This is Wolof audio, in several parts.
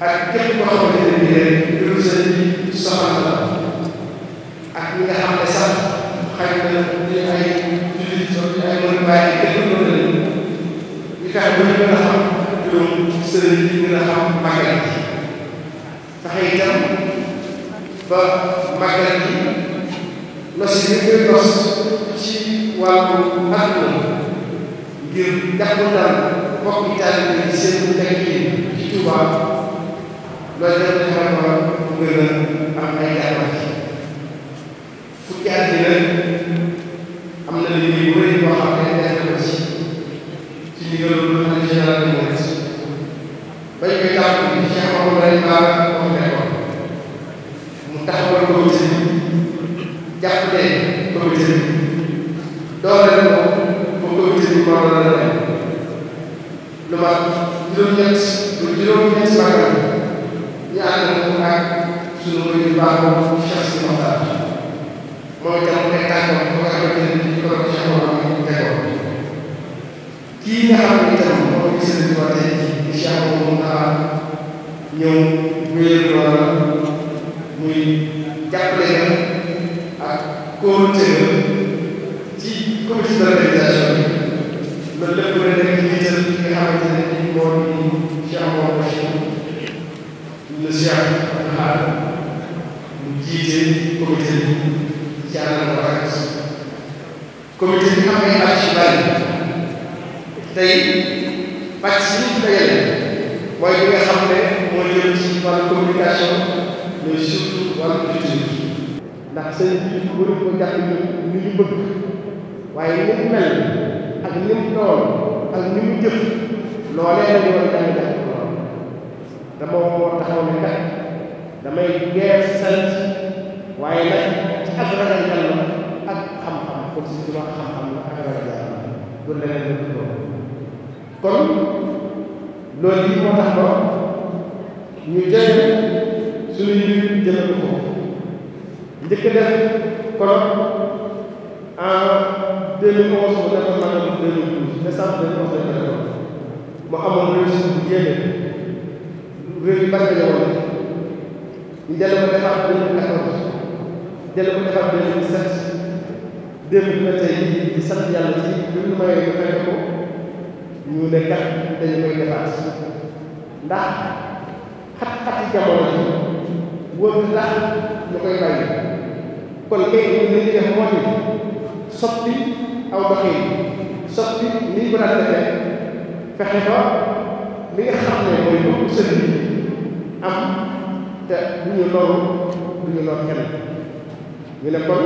ak képp koo xamante ne bii rek mbirum sëñ bi soxla la ak ñi nga xam ne sax xëy na di ay jullit di ay mën bàyyi kenn mën na leen ñu fexe ba ñu gën a xam mbirum sëriñ bi gën a xam màggal gi fexe itam ba màggal gi nos yi koy nos ci wàllu àdduna ngir jàpp daal mbokk yi taal bi seen tekki ci Tuubaa loolu yëpp dañu xam ne mu gën a am ay gàllankoor fukki at yi nag am na liggéey bu rëy boo xam ne def na ko ci ci ndigalu xalifa général des mourides bañ koy jàpp ci Cheikh Mahamadou Ba moom nekkoon mu taxawal comité bi jàppale comité bi dooleel ko ba comité bi moo la lu mat juróom-ñett lu juróom-ñett ñu àndal ak sunu mbéyum baax boobu Cheikh Sidi Mokhtar moom itam mu nekk ànd ak nga xamante ne bii ko doon Cheikh Mokhtar mu nekkoon kii nga xam ne itam moom la sëriñ bi tey di Cheikh Mokhtar ñëw wéyal loola muy jàppale ak comité ci comité d'organisation bi loolu lépp nga nekk ci jiital ki nga xamante ne Cheikh Abdoul mu jiite comité bi ci àll ba rafet comité bi am ay bàcc yu bari tey bàcc yi mooy li nga xam ne moo jëm ci wàllu communication mais surtout wàllu culture ndax seen biir bëri ko jàpp ni ñu bëgg waaye ni mu mel ak ni mu dama waxoon taxaw ne kat damay geer sant waaye nag ci ak ragal yàlla ak xam-xam kon si duma xam-xam la ak ragal yàlla du leneen la tuddoo kon loolu yi moo tax ba ñu jël suñu mbir jëlal ko njëkk def kon en 2011 mu defoon maanaam 2012 décembre 2011 mu amoon réussite bu yéeme réew yu bari la woon ñu jël ko defar deux mille quatorze jël ko defar deux mille sept deux mille vingt et un mayee ñu fekk ko ñu ne kat dañu koy defaat ndax xat-xati jamono ji wóor la ñu koy kon kay ñu li ñu def moo aw doxin soppi ni ñu ko daan defee fexe ba li nga xam mooy bëgg sëriñ am te bu ñu loru bu kenn ñu ne kon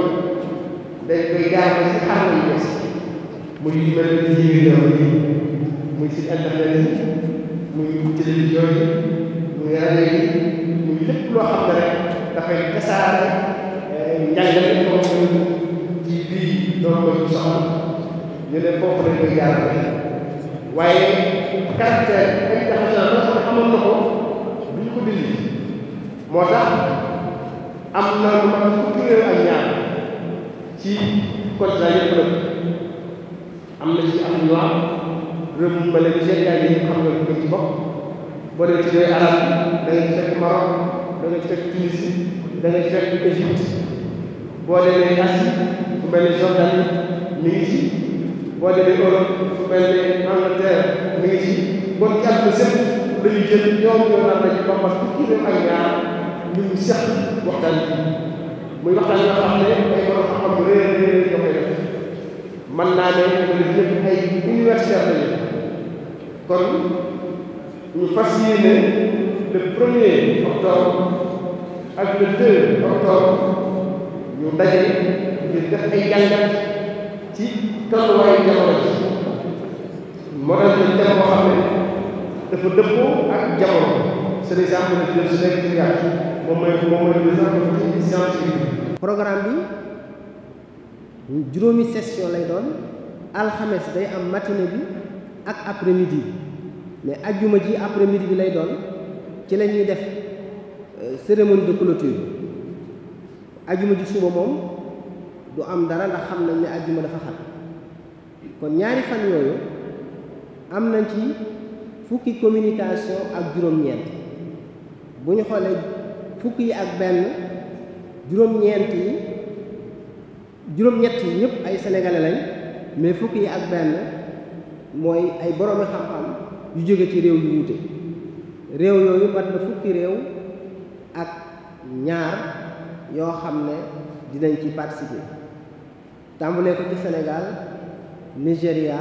dañ koy gaar si xar yi bees muy si internet yi muy télévision yi muy rajo yi lépp loo xam ne rek dafay tasaare eh, njàngale ko ci lii doon ko ci soxla ñu ne foofu lañ xam amoon na ko moo tax am na lu ma fukki réew ak ñaar ci continent yëpp nag am na ci am noir réew mbale bi seen yaay yi xam nga lu ci bopp boo dee ci réew arab da nga ci fekk Maroc da nga ci fekk Tunisie da boo demee Asie fu mel ne Jordanie boo demee Europe fu mel ne Angleterre mi ngi ci bon kàddu sëpp la ñu jël ñoom ñoo naan la ñu bambas fukki réew ak ñaar lu ñu seq waxtaan bi muy waxtaan yoo xam ne ay ne loolu ay universitaire kon ñu fas yéene le premier octobre ak le deux ñu daje ngir def ay jàngat ci tolluwaayu jamono ji moo tax ñu dem boo xam ne ak jamono. sëriñ Sam Abdou Latif Diop su nekk ci yaatu moom mooy programme bi juróomi session lay doon alxames day am matine bi ak après midi bi mais ajjuma ji après midi bi lay doon ci la ñuy def euh, cérémonie de clôture ajuma ji suba moom du am dara ndax xam nañ ne ajuma dafa xat kon ñaari fan yooyu am nañ ci fukki communication ak juróom-ñeent bu ñu xoolee fukk yi ak benn juróom-ñeent yi juróom-ñett yi ñëpp ay sénégalais lañ mais fukk yi ak benn mooy ay boroomi xam-xam yu jóge ci réew yu wuute réew yooyu mat na fukki réew ak ñaar yoo xam ne dinañ ci participer tàmbalee ko ci senegal Nigéria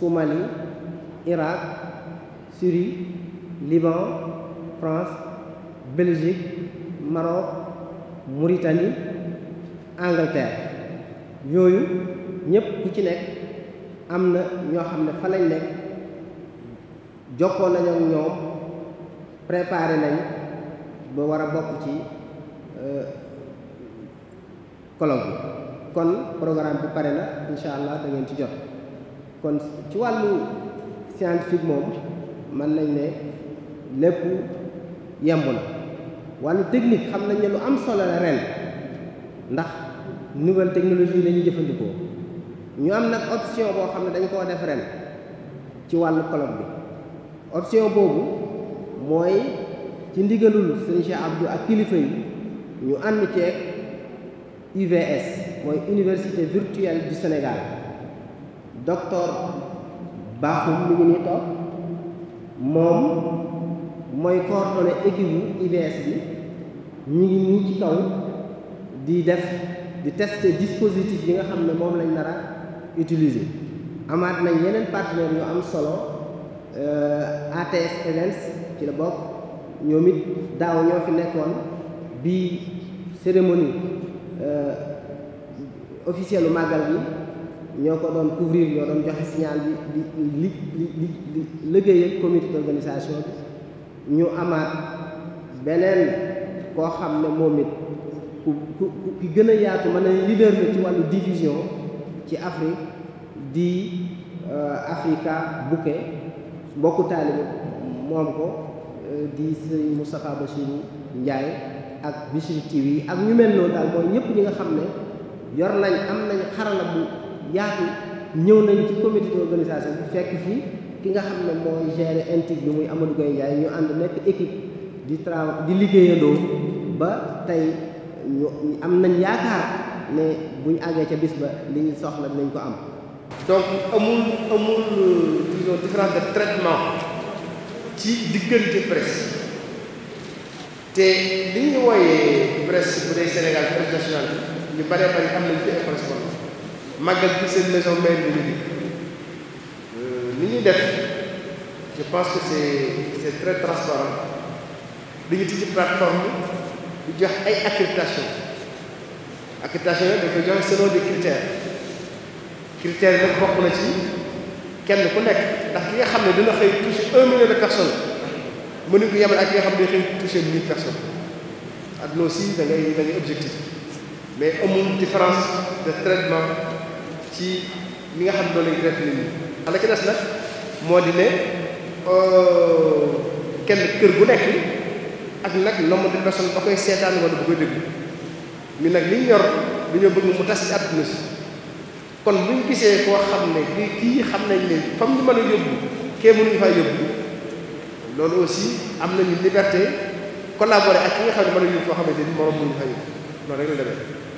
Somalie Irak Syrie Liban France Belgique Maroc Mauritanie Angleterre yooyu ñëpp ku ci nekk am na ñoo xam ne fa lañ nekk jokkoo nañ ak ñoom préparé nañ ba war a bokk ci euh, colloque bi kon programme bi pare na incha allah dangeen ci jot kon ci wàllu scientifique moom mën nañ ne lépp yemb na wàllu technique xam nañ ne lu am solo la ren ndax nouvelle technologie la jëfandikoo ñu am nag option boo xam ne dañ koo def ren ci wàll colloque bi option boobu mooy ci ndigalul sëñ Cheikh Abdou ak kilifa yi ñu ànd ceeg UVS mooy université virtuelle di Sénégal docteur Bakhoum mi ngi nii toog moom mooy coordonné équipe bu IBS bi ñu ngi nii ci taw di def di test dispositif yi nga xam ne moom lañ dara a utiliser amaat nañ yeneen partenaires ñu am solo euh, ATS Events ci la bokk ñoom it daaw ñoo fi nekkoon bi cérémonie euh, officielle màggal bi ñoo ko doon couvrir ñoo doon joxe signal bi di li li li liggéeyal comité d'organisation bi ñu amaat beneen koo xam ne moom it ku ku ku gën a yaatu mën a leader la ci wàllu division ci Afrique di euh, Africa Bouquet mbokku taalibe moom ko euh, di sëñ Moustapha Bachir Ndiaye ak Bichri TV ak ñu mel noonu daal mooy ñëpp ñi nga xam ne yor nañ am nañ xarala bu yaatu ñëw nañ ci comité d'organisation bi fekk fii ki nga xam ne mooy gérer intique bi muy Amadou Gueye Ndiaye ñu ànd nekk équipe di travail di liggéeyandoo ba tey ñu am nañ yaakaar ne buñ àggee ca bis ba li ñu soxla dinañ ko am. donc amul amul disons différence de traitement ci diggante presse te li ñu wooyee presse bu dee Sénégal presse nationale ñu bare bari am nañ fi ay correspondant màggal bi seen maison mère bi def je pense que c'est c'est très transparent dañu ci plateforme di jox ay accréditation accréditation yooyu dañ koy joxe selon de critères critères yi nag bokk na ci kenn ku nekk ndax ki nga xam ne dina xëy toucher un million de personnes mënuñ ko yemal ak ki nga xam ne xëy toucher mille personnes àdduna aussi da ngay da ngay objectif mais amul différence de traitement ci li nga xam ne loolu lañ traité nit ñi. la moo di ne euh, kenn kër gu nekk ak nag nombre de personnes koy seetaan wala bu koy déglu mi nag liñ yor dañoo bëgg mu tas ci àdduna si kon buñ gisee koo xam ne kii kii xam nañ ne fam ñu mën a yóbbu kee mënuñu faa yóbbu loolu aussi am nañu liberté collaborer ak ki nga xam ne mën a yóbbu foo xamante ni morom mënuñu faa yóbbu loolu rek la